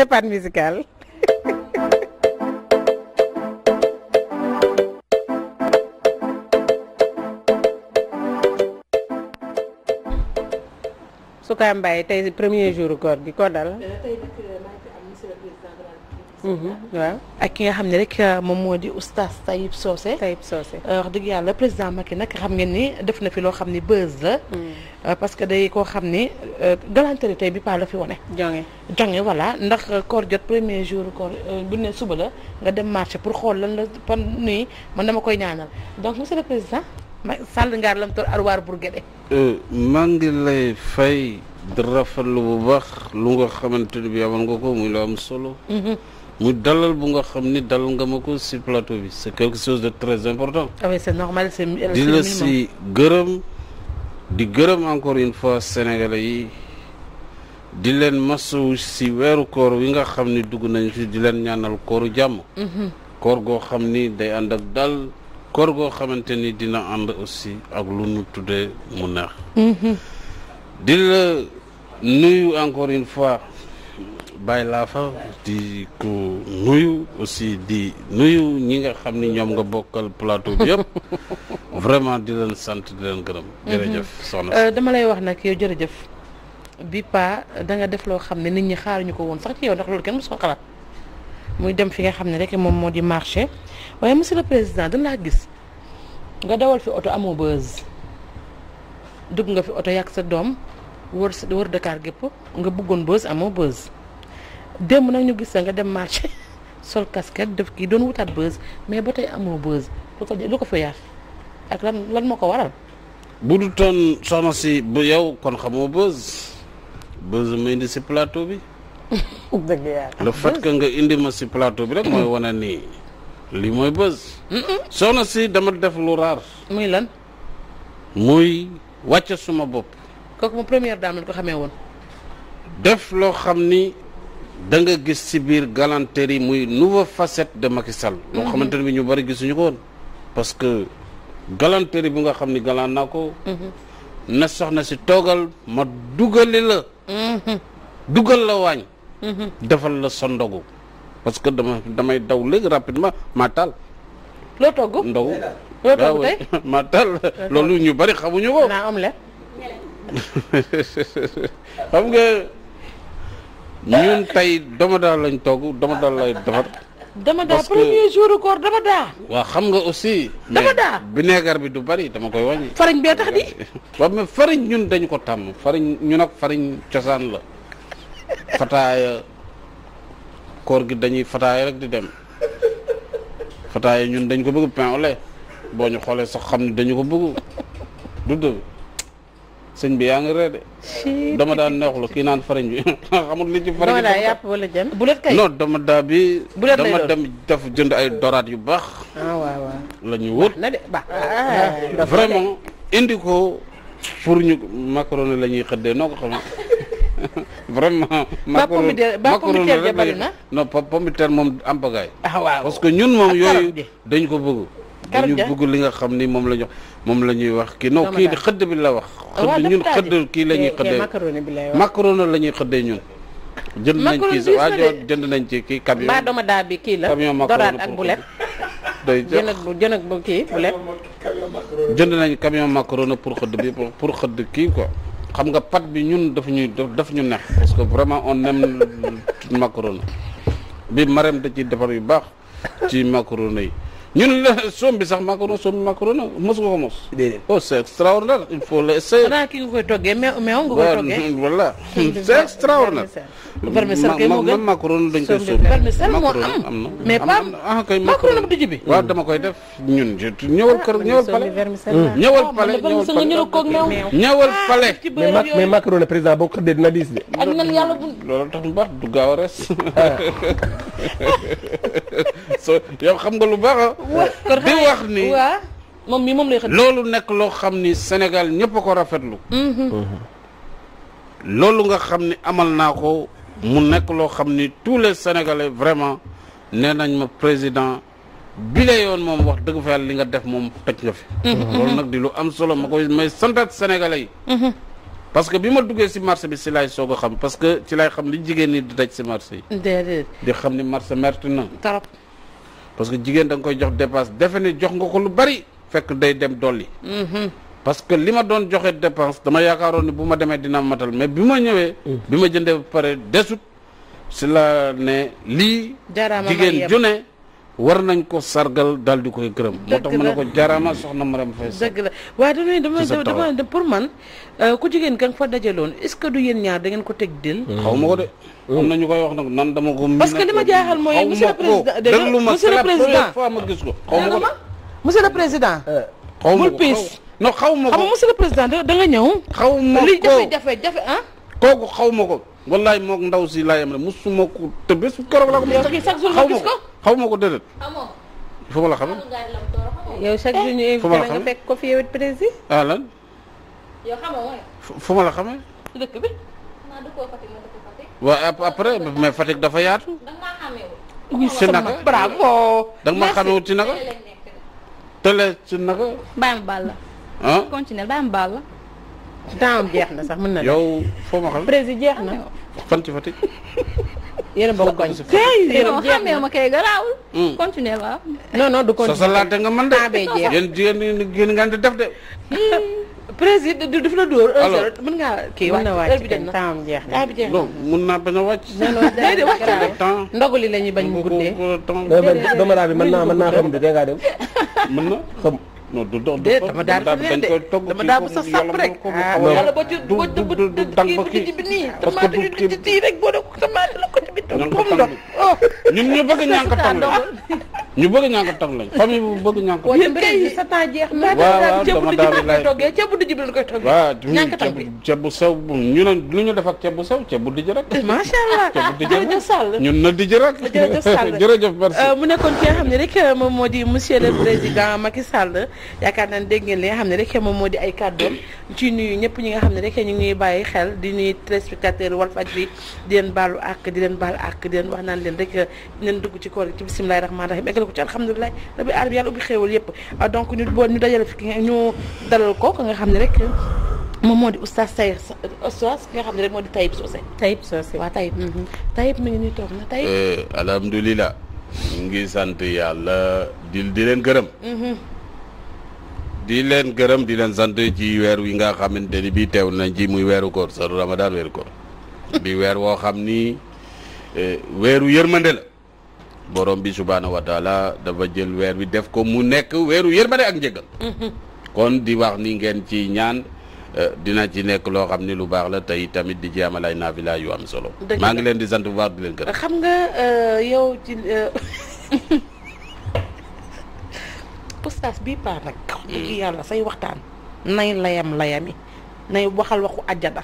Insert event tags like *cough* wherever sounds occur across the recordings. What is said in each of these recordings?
la part musicale. Souka Mbaye tey premier jour koor gi Mm-hmm. waaw ak ki nga xam ne rek euh, moom moo di oustaz Tayib Socé. Tayib Socé euh, wax dëgg yàlla président Macky nag xam ngeen ni def na fi loo xam ni buzz la. Mm. Euh, parce que day koo xam ni galanterie tey bi pa la fi wane. jonge jonge voilà ndax koor jot premier jour koor bu ne suba la nga dem marché pour xool lan la pan nuy man dama koy ñaanal donc monsieur le président ma sàll ngaar lam tool arwaar Bourguédé. maa ngi lay fay di rafetlu bu baax lu nga xamante ni bi amoon nga ko muy solo. Mm-hmm. mu dalal bu nga xam ni dalal nga ma ko si plateau bi c'est quelque chose de très important. ah oui di la si gërëm di gërëm encore une fois sénégalais yi di leen masawu si weeru koor wi nga xam ni dugg nañ fi di leen ñaanal kooru jàmm. Mm-hmm. koor goo xam ni day ànd ak dal koor goo xamante ni dina ànd aussi ak lu nu tuddee mu neex. Mm-hmm. di la nuyu encore une fois. bàyyi laa fa di ko nuyu aussi di nuyu ñi nga xam ni ñoom nga bokkal plateau bi yëpp *laughs* vraiment di leen sant di leen gërëm. Mhm. jërëjëf soxna euh, dama lay wax nag yow jërëjëf bi pa da def loo xam ne nit ñi xaaruñu ko woon sax ci yow ndax loolu kenn mosoo xalaat muy dem fi nga xam ne rek moom moo di marché waaye monsieur le président danaa gis nga dawal fi oto amoo buzz dugg nga fi oto yàq sa doom wër wër Dakar gépp nga bëggoon buzz amoo buzz. démb nag ñu gis nga dem marché sol casquette def kii doon wutaat buzz mais ba tey amoo buzz lu ko lu ko fa ak lan lan moo ko waral. bu du toon soxna si bu yow kon xamoo buzz buzz ma indi si plateau bi. *laughs* dëgg yàlla nga indi ma si plateau bi rek mooy wane nii lii mooy buzz. soxna si dama def lu raar. muy lan. muy wàcc suma bopp. kooku ma première dame lañ ko xamee woon. def loo xam ni da nga gis ci biir galanterie yi muy nouvelle facette de Macky Sall. Mhm. loo xamante ne bi ñu bari gisuñu ko woon. parce que galanterie bu nga xam ni galaan naa ko. Mhm. na soxna si toogal ma dugali la. Mhm. dugal la waañ. defal la sa ndogu. parce que dama damay daw léegi rapidement maa taal. Ah *laughs* loolu ñu bari xamuñu ko. naa *laughs* xam nga. ñun tey daal lañ togg Domada lay defar. Domada premier jour dama Domada. waaw xam nga aussi. Domada mais vinaigre bi du bari dama koy wàññi. fariñ bee tax di. *laughs* waaw mais fariñ ñun dañu ko tàmm fariñ ñun nag fariñ cosaan la fataaya koor gi dañuy fataaya rek di dem fataaya ñun dañ ko bëgg pain au boo ñu xoolee sax xam ne dañu ko bëgg du dëgg sëñ bi yaa ngi ree de. dama daa neexlu kii naan fariñ bi *laughs* xamul li ci fariñ bi. voilà wala jën bulet kay. non dama daa bi. bulet dama dem def jënd ay doraat yu baax. ah waaw waaw la ñu wut. na de ba ah, ah, vraiment indi ko pour ñu macaroni la ñuy xëddee noo ko xamee. *laughs* vraiment. macaroni macaroni rek la moom am ah, parce que ñun moom yooyu dañ ko bëgg. dañu bëgg li nga xam ni moom la ñu moom la ñuy wax kii non kii xëdd bi la wax xëdd ñun xëdd kii la ñuy xëddee macaroni la ñuy xëddee ñun jënd nañ ci waa jënd nañ ci kii camion baa dama daa bi kii la camion macaroni ak bulet day jënd jënd ak bu kii bulet jënd nañ camion macaroni pour xëdd bi pour xëdd kii ko xam nga pat bi ñun dafa ñuy daf ñu neex parce que vraiment on aime macaroni bi marem da ci defar yu baax ci macaroni yi ñun la soom bi sax macaron soom bi macaron mos nga ko mos. déedéet oh c'est extraordinaire il faut le essayer. xanaa ki nga koy toggee meew meew nga koy toggee. *laughs* voilà *laughs* c'est extraordinaire. vermicelle kay moo gën ma macaron dañ koy soom. am mais pas ah, macaron du waaw dama koy def ñun ñëwal kër ñëwal pale. ñëwal pale ñëwal pale ñëwal ah, pale. mais mais macaron président boo ko xëddee dina diis de. ak nan yàlla bu baax du gaaw a res. Ah. *laughs* so yow xam nga lu baax a ah. di wax ni moom mi moom lay loolu nekk loo xam ni Sénégal ñëpp a rafet lu mhm. mhm. loolu nga xam ni amal naa ko mu nekk loo xam ni tous les Sénégalais vraiment nee nañ ma président bi yoon moom wax dëgg fa yàlla li nga def moom toj nga fi mhm. loolu nag di lu am solo ma koy may santaat Sénégalais yi parce que bi ma duggee si marché bi si laay soog a xam parce que ci laay xam li jigéen ñi di daj si marché di xam ni marché metti na trop parce que jigéen da nga koy jox dépense defe ne jox nga ko lu bari fekk day dem dolli. Mm-hmm. parce que li ma doon joxe dépense dama yaakaaroon ni bu ma demee dina matal mais bi ma ñëwee. Mm-hmm. bi ma jëndee ba pare desut si la ne lii. jigéen ju war nañ ko sargal daal di koy gërëm. moo tax mu ne ko jaaraama soxna ma Faye dëgg la waaye damay damay damay pour man euh, ku jigéen kan fa dajaloon est-ce que du yéen ñaar da ngeen ko teg dil mm. xaw ma ko de. Mm. am na ñu koy nan dama ko. parce na li ma jaaxal mooy monsieur le président euh, monsieur le président fois xaw ma président. xaw ma ñëw. xaw ma ko li jafe-jafe jafe ah? ma ko. wallaay moog ndaw si laa yem rek mosuma ko te bés keroog laa ko. xaw ma ko xaw ma ko déedéet. fu ma la xamee. yow chaque la nga fekk ko fi yow it après mais Fatick dafa yaatu. ci naka bravo. da nga ma xamewut ci naka. télé ci naka. bàyyi baal la. ah continué baal la. temps jeex na sax mën na. yow foo ma président jeex na. fan ci Fatick. yéen a bokk koñ yéen a xamee ma kay garaawul. continuer waaw. non non du continuer sa salaate nga mën de. ah bay jeex yéen yéen ngeen di def de. président du daf la dóor. alors mën kii wàcc heure bi dem jeex na. mun naa bañ a wàcc. déedéet wàcc na la ñuy bañ mu guddee. déedéet déedéet déedéet déedéet déedéet déedéet déedéet déedéet déedéet déedéet non du doon du dama daan dañ koy togg dama sa sàpp rek yàlla ba ci ba ci ba ci bi nii tamaate bi ci rek boo dee tamaate la ko ci bi ñun ñu bëgg ñànk ñu bëgg ñànk tam lañ famille bu bëgg ñànk tam yéen kay sa temps jeex na waaw ceeb bu dijib lañ koy koy toggee waaw ceeb bu sew ñu ne ñu def ak ceeb bu sew ceeb bu dijib rek macha allah *laughs* ceeb bu dijib jërëjëf Sall ñun na dijib rek *laughs* euh, mu nekkoon ki nga xam ne rek euh, moom moo di monsieur le président Macky Sall yaakaar naa dégg ngeen li nga xam ne rek moom moo di ay kàddoom ci nuyu ñëpp ñi nga xam ne rek ñu ngi bàyyi xel di nuyu téléspectateur Walfadjri di leen baalu ak di leen baal ak di leen wax naan leen rek euh, neen dugg ci koor ci bismillaahi rahmaani rahim la ko ci alhamdulilah rabbi arab yàlla ubbi yëpp ah, donc ñu bool ñu dajale fi ñu dalal ko nga xam ne rek moom moo di oustaz Sayer oustaz ki xam ne rek moo di Tayib Socé Tayib Socé waaw Tayib mhm. Tayib mi ngi nii toog na Tayib eh, alhamdulilah ñu ngi sant yàlla di di leen gërëm mhm. di leen gërëm di leen sant ci weer wi nga xamante ni bii teew nañ ci muy weeru koor saru ramadan weeru koor *laughs* di weer woo xam ni eh, weeru yërmande borom bi subhaanahu wa taala dafa jël weer wi def ko mu nekk weeru yërmande ak njëgal *laughs* kon di wax ni ngeen ci ñaan eh, dina ci nekk loo xam ni lu baax la tey tamit di ci amal ay naafila yu am solo maa ngi leen di sant bu baax di leen gërëm xam nga eh, yow ci postas eh, *laughs* bii paa nag mm. yàlla say waxtaan nay layam layami nay waxal waxu ajjana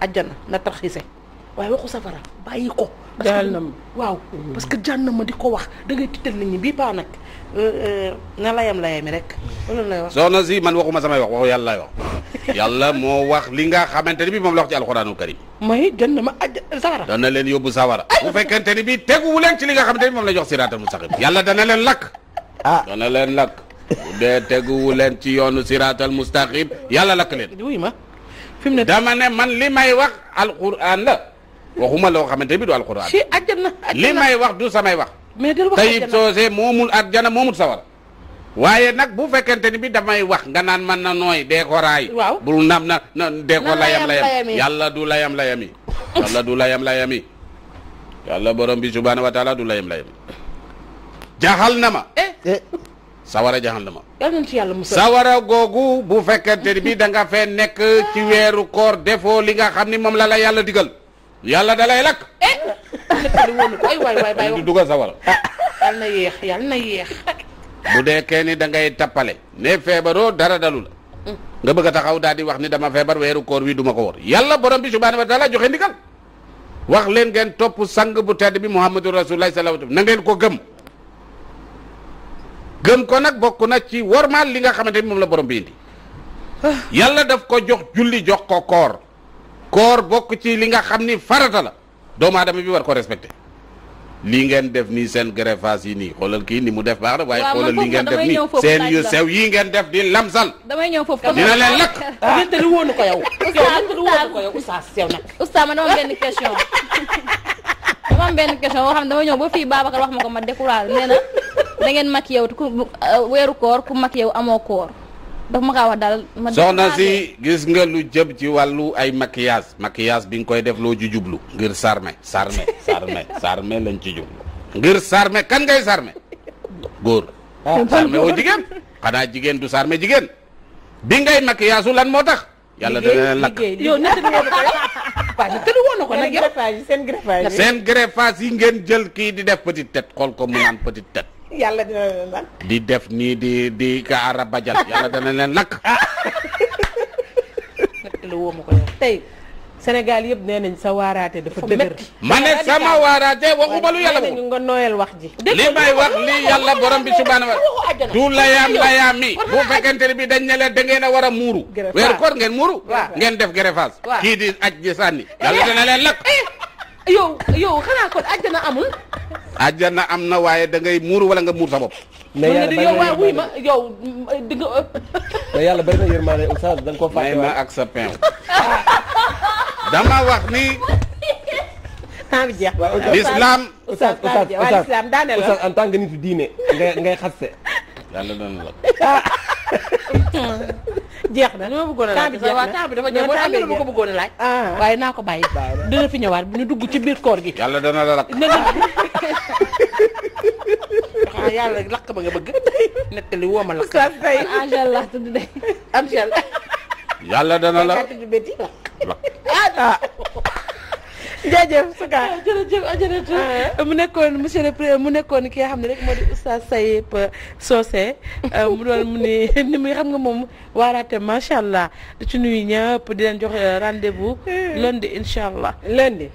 ajjana na tarxise waaye waxu safara bàyyi ko jaal na ma waaw parce que jaan ma di ko wax da ngay tiital nit ñi bii paa nag euh, euh, na layam layami rek loolu lay wax. soxna si man waxuma samay wax waxu yàlla lay wax yàlla moo wax li nga xamante ni bii moom la wax ci alxuraanul karim. mooy jënd ma aj sawara. dana leen yóbbu sawara. bu fekkente ni bii teguwu leen ci li nga xamante ni moom la jox siraatal mustaqim yàlla dana leen lakk. ah dana leen lakk. bu dee teguwu leen ci yoon yoonu siraatal mustaqim yàlla lakk leen. wuy ma dama ne man li waxuma loo xamante bi du alxuraan. si àjjana li may wax du samay wax. mais del wax Tayib Socé moomul àjjana sawara. waaye nag bu fekkente ni bi damay wax nga naan man na nooy dee ko raay. waaw bul nam na na dee ko layam layam yàlla du layam layami. yàlla du layam layami. yàlla borom bi subhaanahu wa taala du layam layami. jaxal na ma. Eh. Eh. sawara jaxal na ma. sawara googu bu fekkente ni bi da nga nekk ci weeru koor defoo li nga xam ni moom la la yàlla digal. yàlla dalay lakk. eh ko ay du dugal sa wala. Ah, yàlla na yéex yàlla na yéex. bu dee kenn ni da ngay tappale. ne feebaroo dara dalu la. Mm. nga bëgg taxaw daal di wax ni dama feebar weeru koor wi duma ko wor yàlla borom bi subhaanahu wa taala joxe ndigal. wax leen ngeen topp sang bu tedd bi muhammadu rasulullahi sallallahu alayhi na ngeen ko gëm. gëm ko nag bokk nag ci wor wormaal li nga xamante ni moom la borom bi indi. Ah. yàlla def ko jox julli jox ko koor. koor bokk ci li nga xam ni farata la doomu aadama bi war ko respecte lii ngeen def nii seen greffage yi nii xoolal kii ni mu def baax na waaye xoolal lii ngeen def nii sew yi ngeen def di lamsal. damay ñëw foofu comme dina leen lakk. ah lintali ah. woonu ko yow. sew nag. ustaas man dama am benn question *laughs* dama am benn question boo xam dama ñëw ba fii Babacar wax ma ko ma découragé nee na da ngeen mag yow ku euh, weeru koor ku mag yow amoo koor. dafa ma kaa wax daal ma si gis nga lu jëm ji wàllu ay maquillage maquillage bi nga koy def loo ci jublu ngir sarme sarme sarme *laughs* sarme lañ ci jublu ngir sarme kan ngay sarme góor ah, sarme woo jigéen xanaa jigéen du sarme jigéen bi ngay maquillage lan moo tax yàlla dana lakk yi ngeen jël kii di def petite tête xool ko mu naan petite tête yàlla dina leen di def nii di di ka arabajal yàlla dana leen lakk. la woo ma ko tey Sénégal yëpp nee nañ sa waaraate dafa dëgër. ma ne sama waaraate waxuma lu yàlla bu nga nooyal wax ji. li may wax lii yàlla borom bi subhaana wa du layaam layaami. bu fekkente bi dañ ne leen da ngeen a war a muuru. weer koor ngeen muuru. ngeen def gerefaas. kii di aj ji sànni. yàlla eh. dana leen lakk. Eh. yow yow xanaa kon àjjana amul. àjjana am na waaye dangay ngay muur wala nga muur sa bopp. mais yow waa wuy ma yow di nga ëpp. mais yàlla bari na yërmaane oustaz da nga koo fàtte ma ak sa pain. dama wax ni. temps jeex. waaw oustaz l'islam. oustaz oustaz oustaz daane en tant que nitu diine ngay ngay xaste. *laughs* jeex na dama bëggoon a laaj waaw temps bi dafa jeex boo xam a laaj ah. waaye naa ko bàyyi dina fi ñëwaat ñu dugg ci biir koor gi yàlla dana la lakk ah yàlla lakk ba nga bëgg nettali woo ma lakk tay angel tudd day angel yàlla dana la lakk ah jaajëf su a ah, jërëjëf ajaratu ah, ah. mu nekkoon monsieur le président mu nekkoon ki nga xam ne rek moo di oustaz Sayib euh, Socé euh, mu doon mu ni *laughs* ni muy xam nga moom waaraate macha allah di ci nuyu ñëpp di leen jox euh, rendez-vous hmm. lundi incha allah lundi